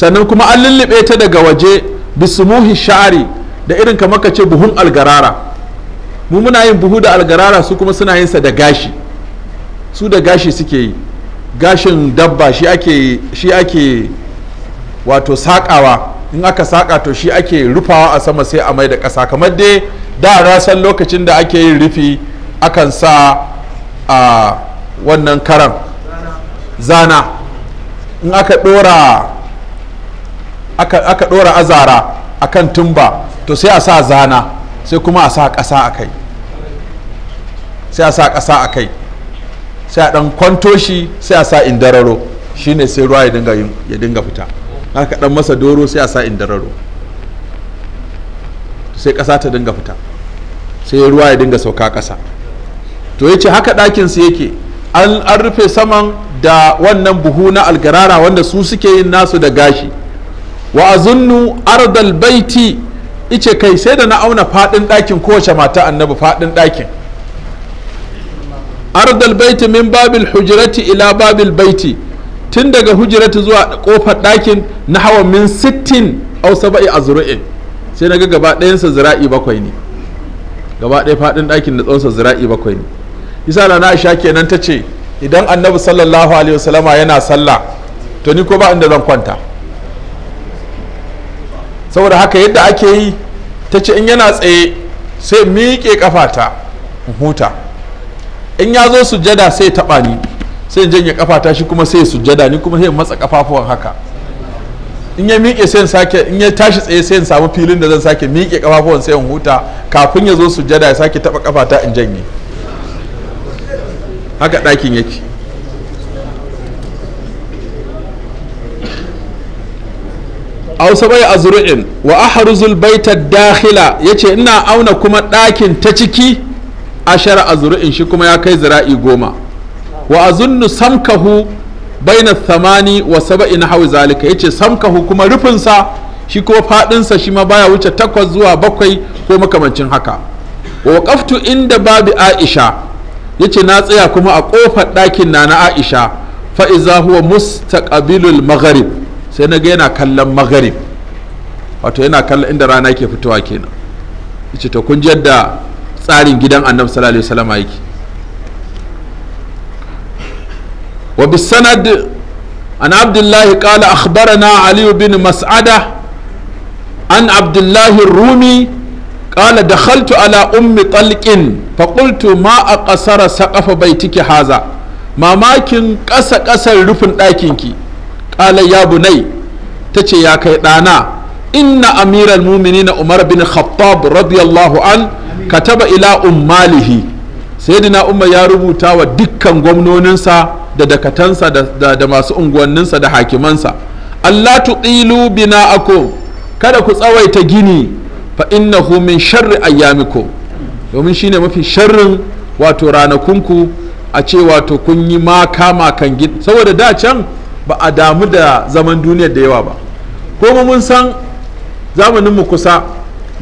sannan kuma an lullube ta daga waje bisumuhi sha'ari da irin kamar ka ce buhun algarara mu muna yin buhu da algarara su kuma suna yin sa da gashi su da gashi suke yi gashin dabba shi ake shi ake wato sakawa in aka saka to shi ake rufawa a sama sai a mai da ƙasa kamar dai da rasan lokacin da ake yin rufi akan sa a wannan karan zana in aka ɗora aka ɗora dora azara akan tumba to sai a sa zana sai kuma a sa ƙasa a kai sai a sa ƙasa a kai sai a ɗan kwanto shi sai a sa indararo ne sai ruwa ya dinga fita haka ɗan masa doro sai a sa indararo sai ƙasa ta dinga fita sai ruwa ya dinga sauka ƙasa to ya ce haka ɗakinsu yake an rufe saman da wannan buhu na algarara wanda su suke yin nasu da gashi wa azunnu ardal baiti ice kai sai da na auna fadin ɗakin kowace mata annabi fadin ɗakin ardal baiti min babil hujrati ila babil baiti tun daga hujrati zuwa kofar ɗakin na hawa min sittin au saba'i azru'in sai naga gaba ɗayansa zira'i bakwai ne gaba ɗaya fadin ɗakin da tsawonsa zira'i bakwai ne isa na aisha kenan ta ce idan annabi sallallahu alaihi wasallama yana sallah to ni ko ba inda zan kwanta saboda haka yadda ake yi ta ce in yana tsaye sai miƙe kafata in huta in ya zo sujada sai taɓa ni sai janye kafata shi kuma sai sujada ni kuma sai matsa kafafuwan haka in ya miƙe sai sake in ya tashi tsaye sai in samu filin da zan sake miƙe kafafuwan sai in huta kafin ya zo sujada ya sake taɓa kafata in janye haka ɗakin yake aw sabai azru'in wa ahruzul baita dakhila yace ina auna kuma ɗakin ta ciki ashara azru'in shi kuma ya kai zira'i goma wa azunnu samkahu baina thamani wa saba'i na hawi zalika yace samkahu kuma rufinsa shi kuma faɗinsa shi ma baya wuce takwas zuwa bakwai ko makamancin haka wa waqaftu inda babu aisha yace na tsaya kuma a ƙofar ɗakin na na aisha faiza huwa mustaqbilul maghrib sai na ga yana kallon magharib wato yana kallon inda rana ke fitowa kenan yace ta kun da tsarin gidan annabi sallallahu alaihi wasallam yake wa sanad an abdullahi qala akhbarana ali bin mas'ada an abdullahi rumi قال دخلت على أم طلق فقلت ما أقصر سقف baitiki haza mamakin ƙasa ƙasar rufin ki. qala ya bunay tace ya kai dana inna amiral mu'minina umar bin khattab radiyallahu an kataba ila ummalihi sayyidina umar ya rubuta wa dukkan gwamnoninsa da dakatansa da, da masu unguwanninsa da hakimansa Allah tuqilu bina ako kada ku tsawaita gini fa innahu min sharri ayyamikum domin shine mafi sharrin wato ranakunku a ce wato kun yi maka makan gini saboda da can ba a damu da zaman duniyar da yawa ba kuma mun san zamanin mu kusa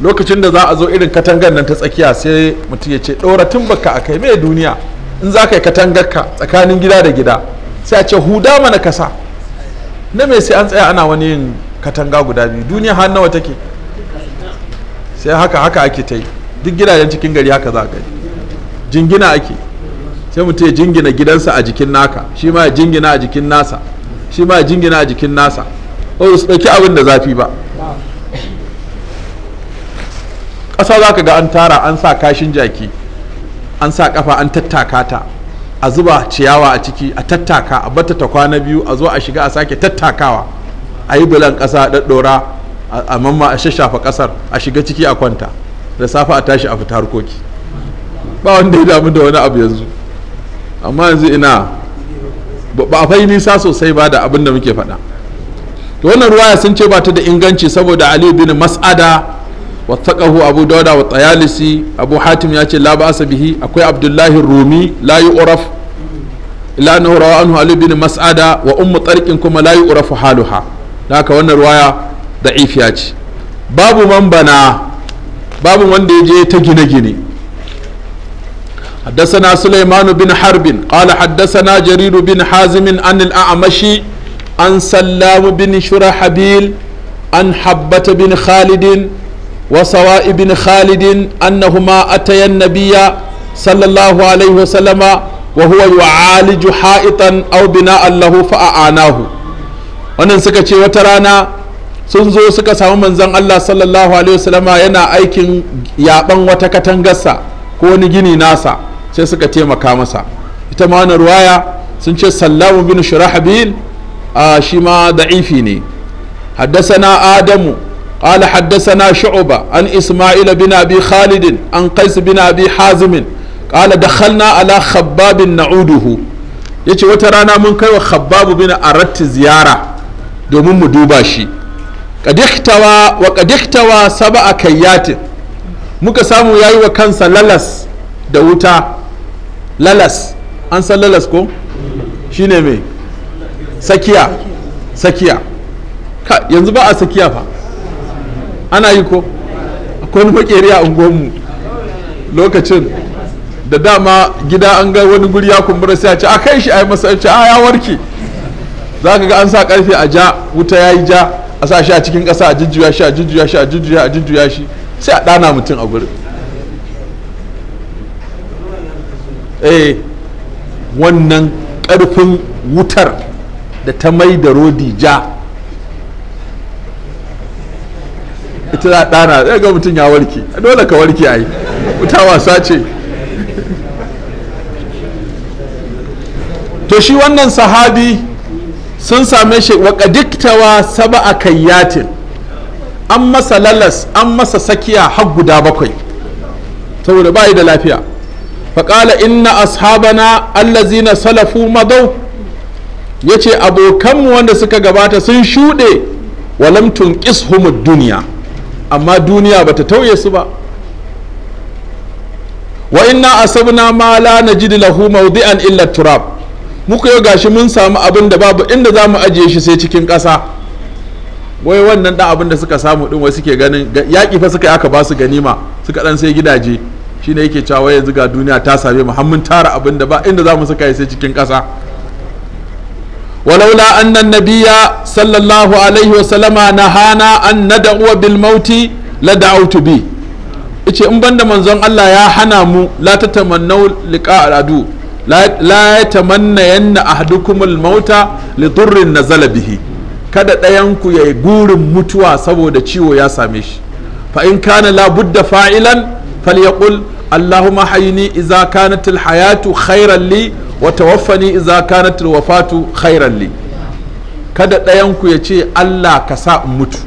lokacin da za a zo irin katangar nan ta tsakiya sai mutum ya ce ɗora baka a kai mai duniya in za ka yi ka tsakanin gida da gida sai a ce huda mana kasa na mai sai an tsaya ana wani yin katanga guda biyu duniya har nawa take sai haka haka ake ta yi duk gidajen cikin gari haka za yi jingina ake sai mutum ya jingina gidansa a jikin naka shi ma ya jingina a jikin nasa shi ma jingina a jikin nasa ba su ɗauki abin da zafi ba ƙasa za ka ga an tara an sa kashin jaki an sa ƙafa an tattaka ta a zuba ciyawa a ciki a tattaka a bata ta kwana biyu a zo a shiga a sake tattakawa a yi bulan ƙasa a ɗaɗɗora a mamma a shashafa ƙasar a shiga ciki a kwanta da safe a tashi a fita harkoki ba wanda ya damu da wani abu yanzu amma yanzu ina ba fai nisa sosai ba da abin da muke faɗa to wannan ruwaya sun ce ba ta da inganci saboda ali bin mas'ada wa taqahu abu dauda wa tayalisi abu hatim ya ce la ba'asa bihi akwai abdullahi rumi la yu'raf illa annahu rawa anhu ali bin mas'ada wa ummu tarqin kuma la yu'rafu haluha haka wannan ruwaya da'ifiya ce babu man bana babu wanda ya je ta gine-gine حدثنا سليمان بن حرب قال حدثنا جرير بن حازم عن الأعمش عن سلام بن شرحبيل عن حبة بن خالد وسواء بن خالد أنهما أتيا النبي صلى الله عليه وسلم وهو يعالج حائطا أو بناء له فأعاناه wannan suka ce wata rana sun zo suka samu manzon Allah sallallahu alaihi wasallama yana aikin yaban wata katangarsa ko wani gini nasa sai suka taimaka masa ita ma wani ruwaya sun ce sallamu bin shirahabil a shi ma da'ifi ne haddasana adamu haddasa na حدثنا an عن bin بن أبي an عن قيس بن أبي حازم قال دخلنا على خباب نعوده yace wata rana mun kai wa khabbabu bin aratti ziyara domin mu duba shi kadiktawa wa kadiktawa saba'a kayyatin muka samu yayi wa kansa lalas da wuta lalas an san lalas ko shi ne mai sakiya sakiya ka yanzu ba a sakiya fa ana yi ko akwai wani makeri a unguwanmu lokacin da dama gida an ga wani guri ya kumbura sai a ce a kai shi a yi masa a ya warke za ka ga an sa karfe a ja wuta ya yi ja a sa shi a cikin ƙasa a jujjuya shi a jujjuya shi a jujjuya shi a jujjuya shi sai a ɗana mutum a gurin eh wannan ƙarfin wutar da ta mai da rodi ja ita za ɗana zai ga mutum ya warke dole ka warke a yi wuta wasa ce to shi wannan sahabi sun same shi wa ƙadiktawa saba a kayyatin an masa lalas an masa sakiya har guda bakwai saboda bayi da lafiya faƙala inna ashabana allazina salafu madau ya ce abokanmu wanda suka gabata sun shuɗe walamtun tunqishum duniya amma duniya bata tauye su ba wa inna asabna ma la najid lahu mawdi'an illa turab muka yi gashi mun samu abin da babu inda za mu ajiye shi sai cikin ƙasa wai wannan da abin da suka samu din wai suke ganin yaƙi fa suka aka ba su ganima suka ɗan sai gidaje shine yake cewa yanzu ga duniya ta same mu mun tara abin da ba inda za mu saka sai cikin ƙasa walaula annan nabiya sallallahu alaihi wa sallama nahana an nad'u bil mauti la da'utu bi ice in banda manzon Allah ya hana mu la tatamannu liqa al'adu la na yanna ahadukum mauta li durrin nazala bihi kada ɗayan ku yayi gurin mutuwa saboda ciwo ya same shi fa in kana la budda fa'ilan falyaqul allahumma hayni idza kanat alhayatu khairan li wa tawaffani idza kanat alwafatu khairan kada ɗayan ku ya ce Allah ka sa in mutu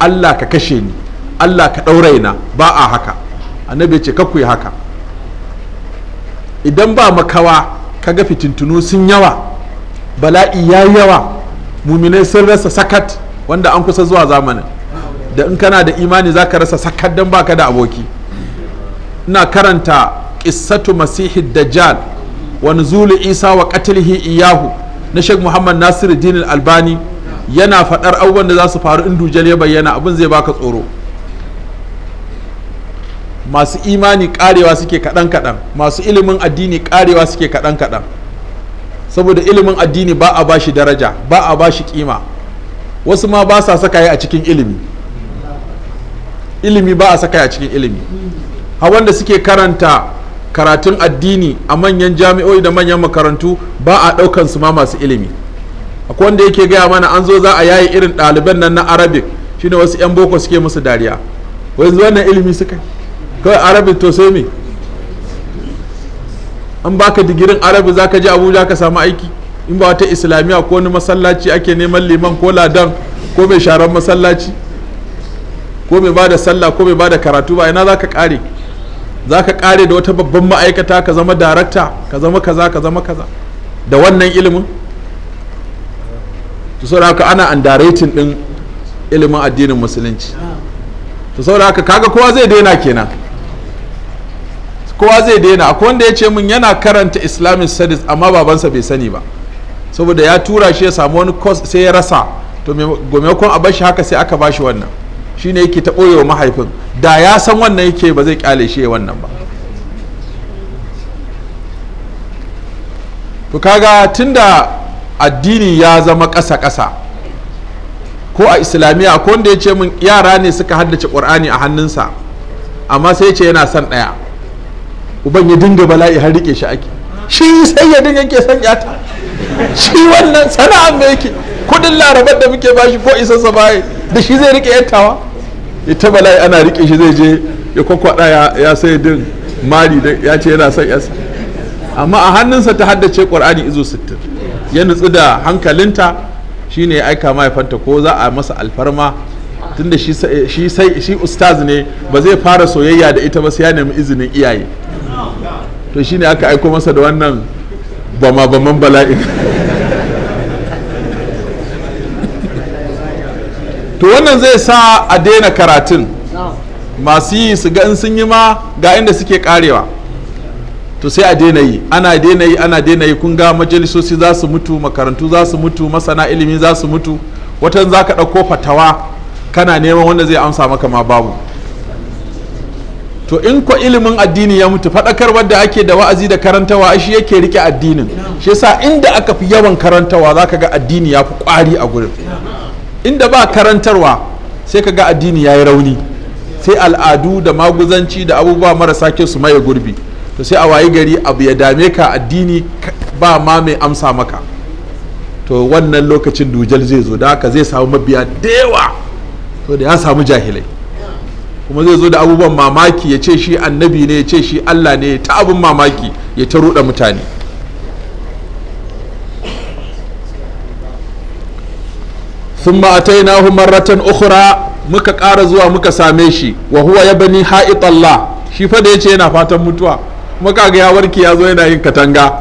Allah ka kashe ni Allah ka ɗauraina ba a haka annabi ya ce ku yi haka idan ba makawa kaga fitintunu sun yawa bala'i ya yawa muminai sun rasa sakat wanda an kusa zuwa zamanin da in kana da imani za ka rasa sakat don baka da aboki ina karanta qissatu masihi dajjal wa nuzulu isa wa qatlihi iyahu na Sheikh Muhammad nasiru Nasiruddin Albani yana fadar abubuwan da za su faru in dujal ya bayyana abin zai baka tsoro masu imani karewa suke kadan kadan masu ilimin addini karewa suke kadan kadan saboda ilimin addini ba a bashi daraja ba a bashi kima wasu ma ba sa saka a cikin ilimi ilimi ba a saka a cikin ilimi a wanda suke karanta karatun addini a manyan jami'o'i da manyan makarantu ba a ɗaukan su ma masu ilimi akwai wanda yake gaya mana an zo za a yayi irin ɗaliban nan na arabic shine wasu 'yan boko suke musu dariya zuwa wannan ilimi suka kawai arabic to sai me an baka digirin arabic za ka je abuja ka samu aiki in ba wata islamiyya ko wani masallaci ake neman liman ko ladan ko mai sharan masallaci ko mai ba da sallah ko mai ba da karatu ba ina za ka kare za ka kare da wata babban ma'aikata ka zama darakta ka zama kaza ka zama kaza da wannan ilimin sau da haka ana underrating din ilimin addinin musulunci to da haka kaga kowa zai daina kenan kowa zai daina akwai wanda ya ce min yana karanta islamic studies amma babansa bai sani ba saboda ya tura shi ya samu wani course sai ya rasa to kun a bashi haka sai aka bashi wannan shine yake ta yau mahaifin da ya san wannan yake ba zai kyale shi wannan ba to kaga tunda addini ya zama ƙasa-ƙasa ko a islamiyya ko wanda ya ce min yara ne suka haddace ƙur'ani a hannunsa amma sai ce yana son ɗaya uban ya dinga bala'i har rike shi ake shi sai ya dinga ke son yata shi wannan sana'an da yake kudin larabar da muke bashi ko sa baye da shi zai rike yantawa ita bala'i ana rike shi zai je ya kwakwada ya sai din mari da ya ce yana son yasa amma a hannunsa ta haddace qur'ani izo 60 ya nutsu da hankalinta shine ya aika mahaifanta ko za a masa alfarma tunda shi sai shi ustaz ne ba zai fara soyayya da ita ba sai ya nemi izinin iyaye to shine aka aiko masa da wannan bama baman bala'i [LAUGHS] to wannan zai sa a daina karatun masu yi su ga in sun yi ma ga inda suke karewa to sai a daina yi ana daina yi ana daina yi kun ga majalisoci za su mutu makarantu za su mutu masana ilimi za su mutu watan za ka ɗauko fatawa kana neman wanda zai amsa maka ma babu to in ko ilimin addini ya mutu faɗakar da ake da wa'azi da karantawa shi yake rike addinin shi yasa inda aka fi yawan karantawa za ka ga addini ya fi ƙwari a gurin inda ba karantarwa sai ka ga addini ya yi rauni sai al'adu da maguzanci da abubuwa marasa kyau su maye gurbi to sai a wayi gari abu ya dame ka addini ba ma mai amsa maka to wannan lokacin dujal zai zo da haka zai samu mabiya da yawa to da ya samu jahilai kuma zai zo da abubuwan mamaki ya ce shi annabi ne ya ce shi allah ne ta abin mamaki ya ta ruɗa mutane sun ma'atai na marratan ukura muka kara zuwa muka same shi wa huwa ya bani ha'itallah shi fa da ya ce yana fatan mutuwa kuma kaga ya warke ya zo yana yin katanga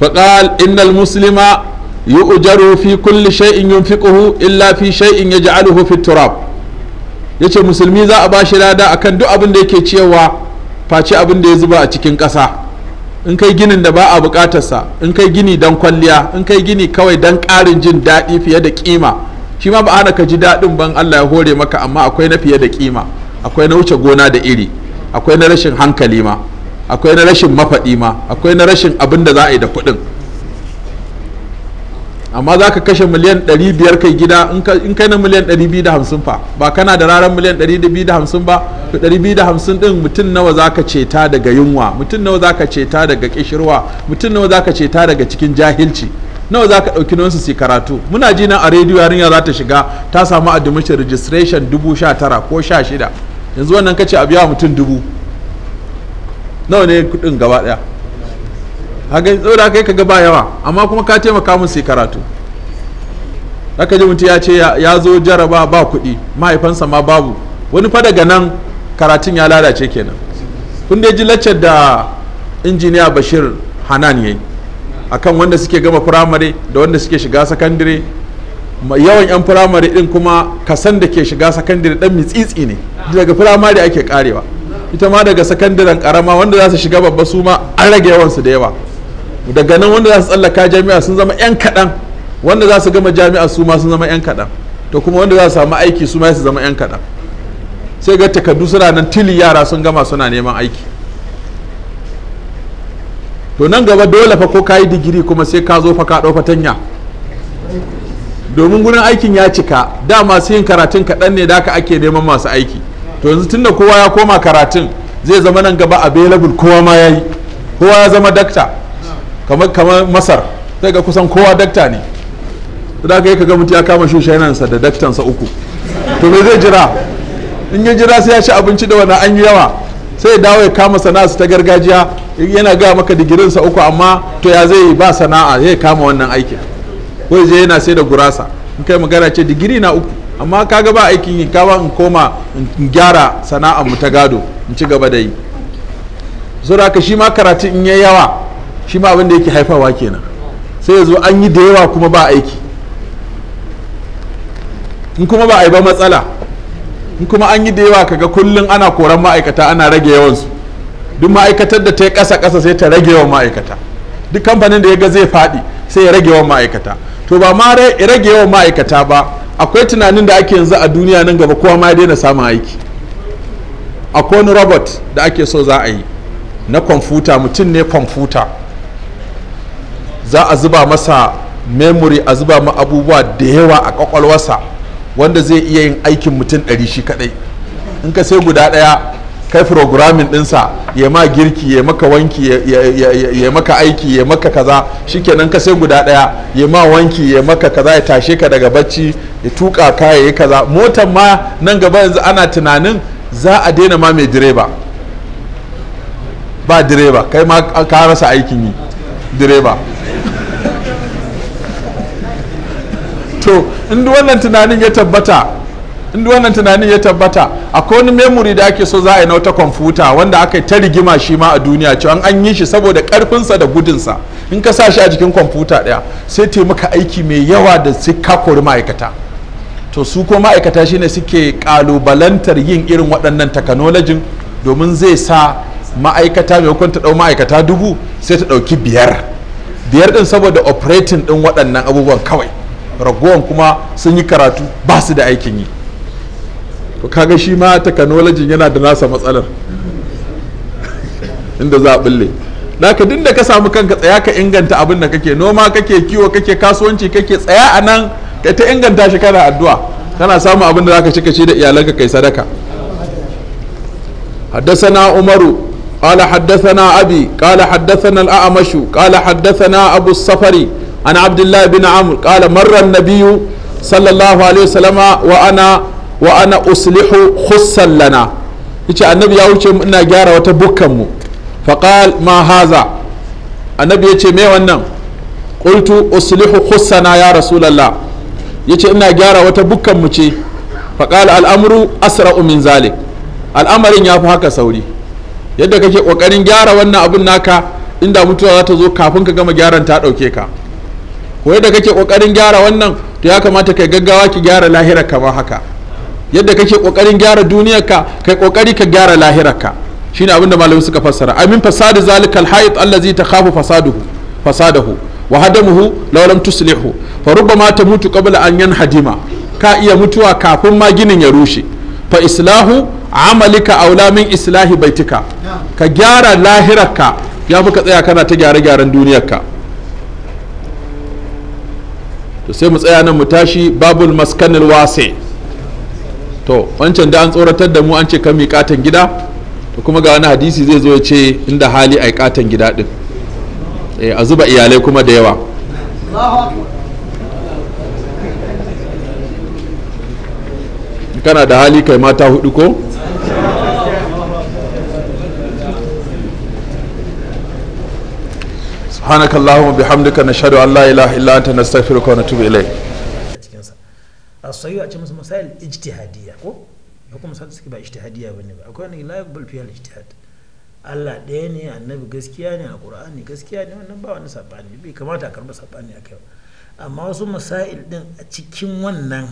faƙal innal muslima ujaru fi kulli shay'in yunfiquhu illa fi shay'in yaj'aluhu fi turab yace musulmi za a bashi lada akan duk abin da yake cewa face abin da ya zuba a cikin ƙasa in kai ginin da ba a buƙatarsa in kai gini dan kwalliya in kai gini kawai dan ƙarin jin daɗi fiye da kima shi ma ba hana ka ji daɗin ban Allah ya hore maka amma akwai na fiye da kima akwai na wuce gona da iri akwai na rashin hankali ma akwai na rashin mafaɗi ma akwai na rashin abin da za a yi da kuɗin amma za ka kashe miliyan 500 kai gida in kai na miliyan 250 fa ba kana da raran miliyan 250 ba 250 din mutum nawa za ka ceta daga yunwa mutum nawa za ka ceta daga kishirwa mutum nawa za ka ceta daga cikin jahilci nawa za ka ɗauki nonsu su karatu muna ji nan a rediyo yarinya za ta shiga ta samu admission registration dubu sha tara ko sha shida yanzu wannan kace a biya mutum dubu nawa ne kuɗin gaba ɗaya haka saboda kai ka gaba yawa amma kuma ka taimaka mun yi karatu haka ji mutum ya ce ya zo jaraba ba kuɗi mahaifansa ma babu wani fa daga nan karatun ya lalace kenan kun dai ji laccar da injiniya bashir hanan yayi akan wanda suke gama firamare da wanda suke shiga sakandire yawan 'yan firamare din kuma kasan da ke shiga sakandire dan mitsitsi ne daga firamare ake karewa ita ma daga sakandiren karama wanda za su shiga babba su ma an rage yawansu da yawa daga nan wanda za su tsallaka jami'a sun zama 'yan kaɗan wanda za su gama jami'a su ma sun zama 'yan kadan to kuma wanda za su samu aiki su ma su zama 'yan kaɗan sai ga takardu suna nan tili yara sun gama suna neman aiki to nan gaba dole fa ko ka yi digiri kuma sai ka zo fa ka ɗau fatanya domin gurin aikin ya cika dama masu yin karatun kaɗan ne da aka ake neman masu aiki to yanzu tunda kowa ya koma karatun zai zama nan gaba available kowa ma ya yi kowa ya zama dakta kamar kamar masar sai ga kusan kowa dakta ne da ka yi ka mutu ya kama shushenansa da daktansa uku to me zai jira in ya jira sai ya ci abinci da wani an yi yawa sai ya dawo ya kama sana'a ta gargajiya yana gaya maka digirinsa uku amma to ya zai ba sana'a zai kama wannan aikin ko zai yana sai da gurasa in kai magana ce digiri na uku amma kaga ba aikin yi kawa in koma in gyara sana'a mu ta gado in ci gaba da yi da ka shi ma karatu in yayi yawa shi ma abin da yake haifawa kenan sai ya zo an yi da yawa kuma ba aiki in kuma ba a ba matsala in kuma an yi da yawa kaga kullun ana koran ma'aikata ana rage yawansu duk ma'aikatar da ta yi ƙasa ƙasa sai ta rage yawan ma'aikata duk kamfanin da ya ga zai faɗi sai ya rage yawan ma'aikata to ba ma rage yawan ma'aikata ba akwai tunanin da ake yanzu a duniya nan gaba kowa ma ya daina samun aiki akwai wani robot da ake so za a yi na kwamfuta mutum ne kwamfuta za a zuba masa memory a zuba ma abubuwa da yawa a kwakwalwarsa wanda zai iya yin aikin mutum ɗari shi kaɗai in ka sai guda ɗaya kai programming dinsa ya ma girki ya maka wanki ya maka aiki ya maka kaza shikenan ka sai guda daya ya ma wanki ya maka kaza ya tashe ka daga bacci ya tuka ka ya yi kaza motar ma nan gaba yanzu ana tunanin za a daina ma mai direba ba direba kai ma ka rasa aikin yi direba to in wannan tunanin ya tabbata in wannan tunanin ya tabbata akwai wani memory da ake so za a yi na wata kwamfuta wanda aka ta rigima shi ma a duniya cewa an yi shi saboda karfinsa da gudunsa in ka sa shi a jikin kwamfuta ɗaya sai ta maka aiki mai yawa da sai ka kori ma'aikata to su ko ma'aikata shine suke kalubalantar yin irin waɗannan takanolojin domin zai sa ma'aikata mai ta ɗau ma'aikata dubu sai ta ɗauki biyar biyar ɗin saboda operating ɗin waɗannan abubuwan kawai ragowan kuma sun yi karatu ba su da aikin yi to kaga shi ma technology yana da nasa matsalar inda za a bulle naka duk da ka samu kanka tsaya ka inganta abin da kake noma kake kiwo kake kasuwanci kake tsaya a nan ka ta inganta shi kana addu'a kana samun abin da zaka ci kace da iyalanka kai sadaka حدثنا عمر قال حدثنا أبي قال حدثنا الأعمش قال حدثنا أبو الصفري عن عبد الله بن عمرو قال مر النبي صلى الله عليه وسلم وأنا wa ana uslihu khussan lana yace annabi ya wuce mu ina gyara wata bukkan mu faqal ma haza annabi yace me wannan qultu uslihu khussana ya rasulullah yace ina gyara wata bukkan mu ce faqal al'amru asra'u min zalik al'amarin ya fi haka sauri yadda kake kokarin gyara wannan abin naka inda mutuwa za ta zo kafin ka gama gyaran ta ɗauke ka ko yadda kake kokarin gyara wannan to ya kamata kai gaggawa ki gyara lahira kamar haka yadda kake kokarin gyara duniyarka kai kokari ka gyara lahirarka shine abinda malamai suka fassara amin fasadu zalika alhayat allazi takhafu fasaduhu fasadahu wa hadamuhu law lam tuslihu fa rubbama tamutu qabla an yanhadima ka iya mutuwa kafin ma ginin ya rushe fa islahu amalika aula min islahi baitika ka gyara lahirarka ya fi ka tsaya kana ta gyare gyaran duniyarka to sai mu tsaya nan mu tashi babul maskanil wasi' to wancan da an tsoratar da mu an ce kan mi katon gida to kuma ga wani hadisi zai zo ya ce inda hali yi katon gida din eh, a zuba iyalai kuma da yawa kana da hali kai mata hudu ko سبحانك اللهم وبحمدك نشهد ان لا اله الا انت نستغفرك ونتوب اليك as a ce masa masail ijtihadiyya ko kuma misali suke ba ijtihadiyya bane ba akwai wani la yaqbal fiha al-ijtihad Allah ɗaya ne annabi gaskiya ne Qur'ani gaskiya ne wannan ba wani sabani bai kamata a karba sabani akai ba amma wasu masail din a cikin wannan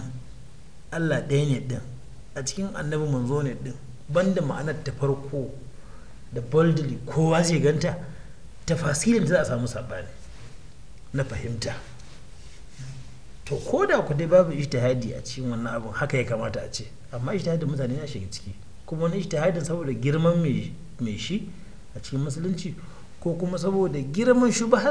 Allah ɗaya ne din a cikin annabi manzo ne din banda ma'anar ta farko da boldly kowa zai ganta tafasirin ta za a samu sabani na fahimta to ko da ku dai babu ijtihadi a cikin wannan abin haka ya kamata a ce amma ijtihadin mutane ya shiga ciki kuma wani ijtihadin saboda girman mai shi a cikin musulunci ko kuma saboda girman shubahar